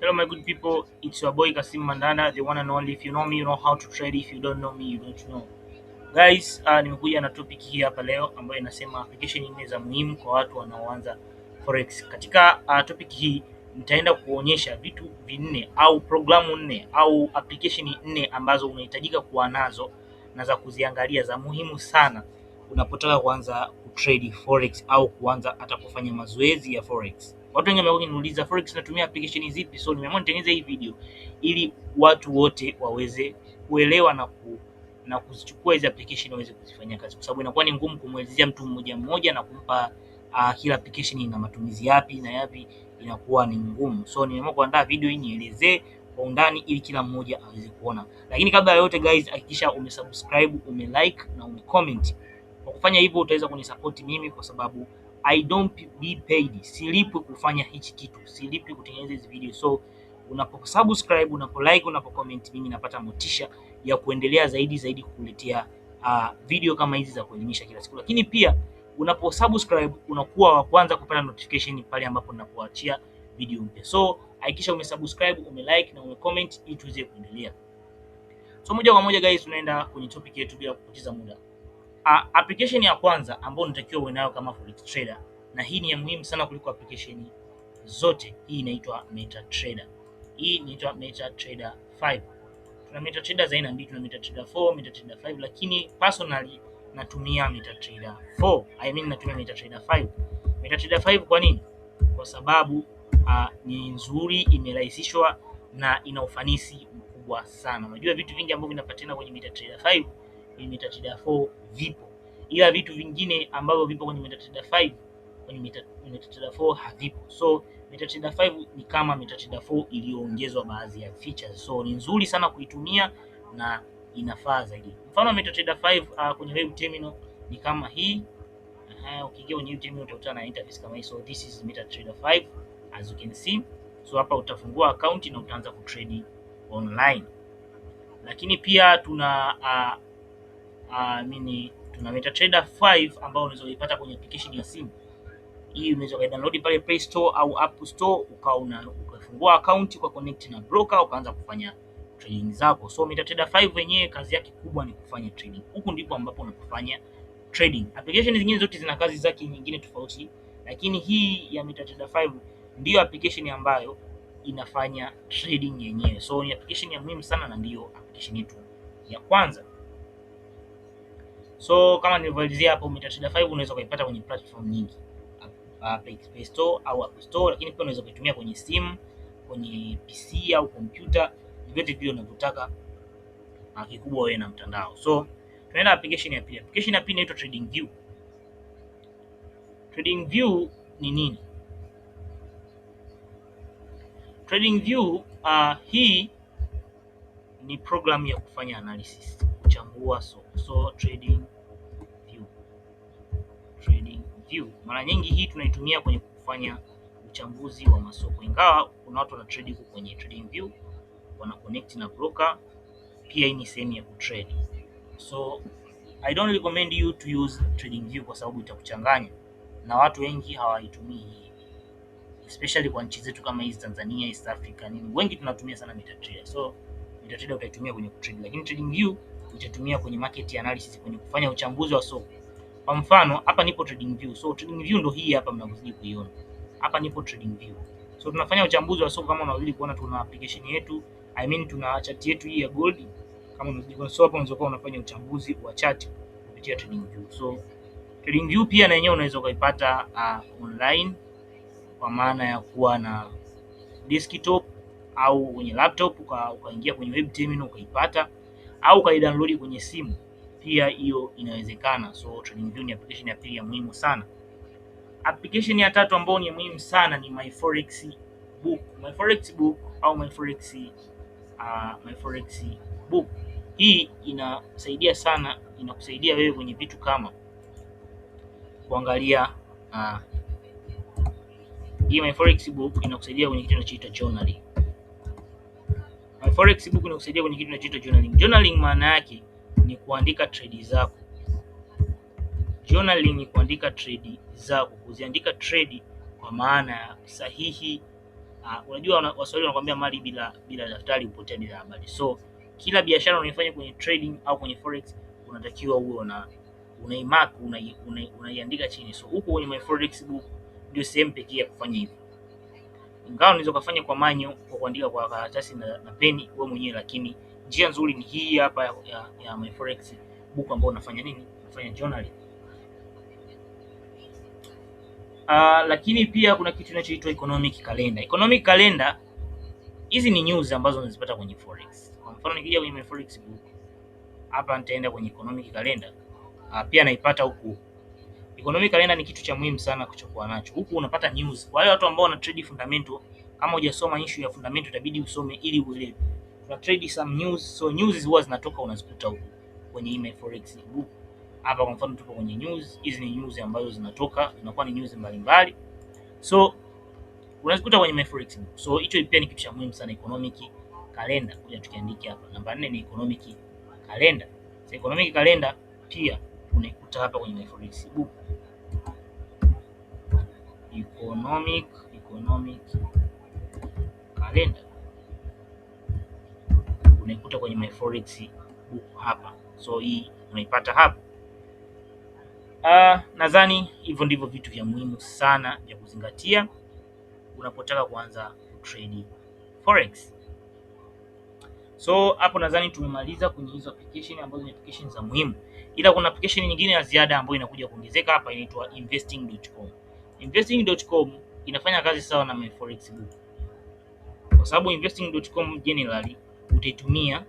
Hello, my good people. It's your boy Kasim Mandana, the one and only. If you know me, you know how to trade. If you don't know me, you don't know. Guys, uh, nimekuja na topic hii hapa leo ambayo inasema application nne za muhimu kwa watu wanaoanza forex. Katika uh, topic hii nitaenda kuonyesha vitu vinne au programu nne au application nne ambazo unahitajika kuwa nazo na za kuziangalia za muhimu sana unapotaka kuanza kutrade forex au kuanza hata kufanya mazoezi ya forex. Watu wengi wamekuwa kuniuliza forex natumia application zipi, so nimeamua nitengeneze hii video ili watu wote waweze kuelewa na ku na kuzichukua hizi application waweze kuzifanyia kazi, kwa sababu inakuwa ni ngumu kumwelezea mtu mmoja mmoja na kumpa uh, kila application ina matumizi yapi na yapi, inakuwa ni ngumu. So nimeamua kuandaa video hii nielezee kwa undani ili kila mmoja aweze kuona. Lakini kabla ya yote guys, hakikisha umesubscribe, umelike na umecomment. Kwa kufanya hivyo utaweza kunisupport mimi kwa sababu I don't be paid, silipwi kufanya hichi kitu, silipwi kutengeneza hizi video. So unapo subscribe, unapo like, unapo comment, mimi napata motisha ya kuendelea zaidi zaidi kukuletea uh, video kama hizi za kuelimisha kila siku, lakini pia unapo subscribe unakuwa wa kwanza kupata notification pale ambapo ninapoachia video mpya. So hakikisha umesubscribe, umelike na umecomment ili tuweze kuendelea. So moja kwa moja guys, tunaenda kwenye topic yetu bila kupoteza muda. A, application ya kwanza ambayo unatakiwa uwe nayo kama forex trader, na hii ni ya muhimu sana kuliko application zote, hii inaitwa MetaTrader. Hii inaitwa MetaTrader 5. Tuna MetaTrader za aina mbili, tuna MetaTrader 4, MetaTrader 5, lakini personally natumia MetaTrader 4. I mean natumia MetaTrader 5. MetaTrader 5 kwa nini? Kwa sababu uh, ni nzuri, imerahisishwa na ina ufanisi mkubwa sana. Unajua vitu vingi ambavyo vinapatikana kwenye MetaTrader 5 kwenye metadata 4 vipo, ila vitu vingine ambavyo vipo kwenye metadata 5 kwenye metadata 4 havipo. So metadata 5 ni kama metadata 4 iliyoongezwa baadhi ya features, so ni nzuri sana kuitumia na inafaa zaidi. Mfano metadata 5 uh, kwenye web terminal ni kama hii uh, ukiingia kwenye web terminal utakutana na interface kama hii. So this is MetaTrader 5 as you can see. So hapa utafungua account na utaanza kutrade online, lakini pia tuna uh, uh, ah, mini tuna Trader 5 ambayo unaweza kuipata kwenye application ya simu hii. Unaweza download pale Play Store au App Store, ukawa una ukafungua account kwa connect na broker, ukaanza kufanya trading zako. So MetaTrader 5 wenyewe kazi yake kubwa ni kufanya trading, huku ndipo ambapo unapofanya trading. Application zingine zote zina kazi zake nyingine tofauti, lakini hii ya MetaTrader 5 ndiyo application ambayo inafanya trading yenyewe. So ni application ya muhimu sana na ndiyo application yetu ya kwanza. So kama nilivyoelezea hapo, MetaTrader 5 unaweza kuipata kwenye platform nyingi, Play Store au App Store, lakini pia unaweza kuitumia kwenye simu, kwenye PC au kompyuta, vyote vile unavyotaka, na kikubwa wewe na mtandao. So tunaenda application ya pili. Application ya pili inaitwa TradingView. TradingView ni nini? TradingView uh, ah, hii ni programu ya kufanya analysis kuchambua soko. So, trading view. Trading view. Mara nyingi hii tunaitumia kwenye kufanya uchambuzi wa masoko, ingawa kuna watu wanatrade huko kwenye trading view, wana connect na broker pia. Hii ni sehemu ya kutrade, so I don't recommend you to use trading view kwa sababu itakuchanganya na watu wengi hawaitumii hii, especially kwa nchi zetu kama hizi Tanzania, East Africa nini, wengi tunatumia sana MetaTrader, so MetaTrader utaitumia kwenye kutrade, lakini trading view nitatumia kwenye market analysis, kwenye kufanya uchambuzi wa soko. Kwa mfano hapa nipo trading view. So trading view ndio hii hapa mnavyozidi kuiona hapa, nipo trading view. So tunafanya uchambuzi wa soko kama unavyozidi kuona, tuna application yetu I mean, tuna chart yetu hii ya gold kama unavyozidi kuona. So hapa unaweza kuwa unafanya uchambuzi wa chart kupitia trading view. So trading view pia na yenyewe unaweza ukaipata uh, online kwa maana ya kuwa na desktop au kwenye laptop ukaingia kwenye web terminal ukaipata au ukaidownload kwenye simu pia, hiyo inawezekana. So TradingView ni application ya pili ya muhimu sana. Application ya tatu ambayo ni muhimu sana ni My Forex Book. My Forex Book au My Forex uh, My Forex Book hii inasaidia sana, inakusaidia wewe kwenye vitu kama kuangalia uh, hii My Forex Book inakusaidia kwenye kitu kinachoitwa journaling. Forex book inakusaidia kwenye kitu kinachoitwa journaling. Journaling maana yake ni kuandika trade zako. Journaling ni kuandika trade zako, kuziandika trade kwa maana ya sahihi. Uh, unajua Waswahili wanakuambia mali bila bila daftari hupotea bila habari. So kila biashara unaifanya kwenye trading au kwenye forex unatakiwa uwe una unaimark unaiandika una, una chini. So huko kwenye my forex book ndio sehemu pekee ya kufanya hivyo ingawa unaweza ukafanya kwa manyo kwa kuandika kwa karatasi na, na peni wewe mwenyewe, lakini njia nzuri ni hii hapa ya, ya, ya My Forex book ambao unafanya nini, unafanya journaling. Uh, lakini pia kuna kitu kinachoitwa economic calendar. Economic calendar hizi ni news ambazo unazipata kwenye forex. Kwa mfano nikija kwenye My Forex book hapa nitaenda kwenye economic calendar. Uh, pia naipata huku Economic calendar ni kitu cha muhimu sana kuchukua nacho. Huku unapata news. Kwa hiyo watu ambao wana trade fundamental, kama hujasoma issue ya fundamental itabidi usome ili uelewe. Tuna trade some news. So news is huwa zinatoka unazikuta huko kwenye email forex book. Hapa kwa mfano tupo kwenye news. Hizi ni news ambazo zinatoka, zinakuwa ni news mbalimbali. So unazikuta kwenye forex book. So hicho pia ni kitu cha muhimu sana economic calendar. Kuja tukiandike hapa. Namba 4 ni economic calendar. So economic calendar pia unaikuta hapa kwenye reference book economic economic calendar unaikuta kwenye my forex book hapa, so hii unaipata hapa. Uh, nadhani hivyo ndivyo vitu vya muhimu sana vya kuzingatia unapotaka kuanza kutrade forex. So hapo nadhani tumemaliza kwenye hizo application ambazo ni application za muhimu, ila kuna application nyingine ya ziada ambayo inakuja kuongezeka hapa, inaitwa investing.com. Investing.com inafanya kazi sawa na my forex book, kwa sababu investing.com generally utaitumia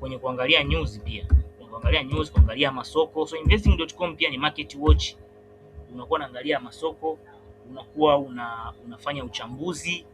kwenye kuangalia news, pia kuangalia news, kuangalia masoko. So investing.com pia ni market watch, unakuwa unaangalia masoko, unakuwa una, unafanya uchambuzi,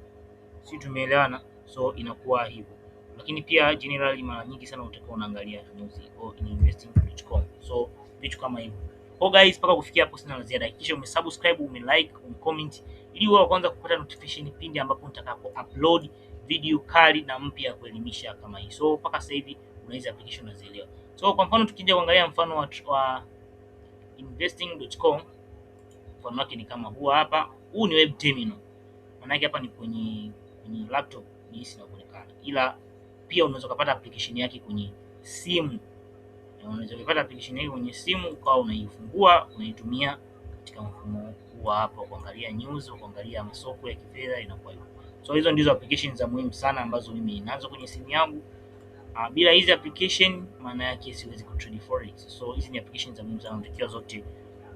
si tumeelewana? So inakuwa hivyo lakini pia generally mara nyingi sana utakuwa unaangalia news au investing.com, so vitu kama hivyo. Oh guys, mpaka kufikia hapo sina la ziada. Hakikisha umesubscribe, umelike, umcomment ili uwe wa kwanza kupata notification pindi ambapo nitakapo upload video kali na mpya kuelimisha kama hii. So mpaka sasa hivi una hizo application unazielewa. So kwa mfano tukija kuangalia mfano wa, wa investing.com mfano wake ni kama huu hapa. Huu ni web terminal. Maana yake hapa ni kwenye kwenye laptop, ni hisi inaonekana. Ila pia unaweza ukapata application yake kwenye simu. Unaweza kupata application yake kwenye simu ukawa unaifungua unaitumia katika mfumo huu hapa, kuangalia news, kuangalia masoko ya kifedha inakuwa hivyo. So hizo ndizo application za muhimu sana ambazo mimi ninazo kwenye simu yangu. uh, Bila hizi application, maana yake siwezi kutrade forex. So hizi ni application za muhimu sana, ndio zote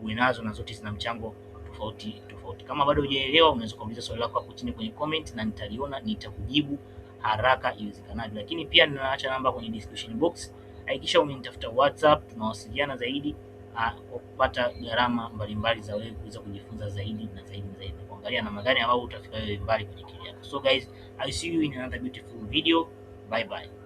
uwe nazo na zote zina mchango tofauti tofauti. Kama bado hujaelewa, unaweza kuuliza swali lako hapo chini kwenye comment na nitaliona, nitakujibu haraka iwezekanavyo, lakini pia ninaacha namba kwenye description box. Hakikisha umenitafuta WhatsApp, tunawasiliana zaidi ah, kwa kupata gharama mbalimbali za wewe kuweza kujifunza zaidi na zaidi na zaidi, kuangalia namna gani ambavyo utafika wewe mbali kwenye kile yako. So guys, I see you in another beautiful video. Bye bye.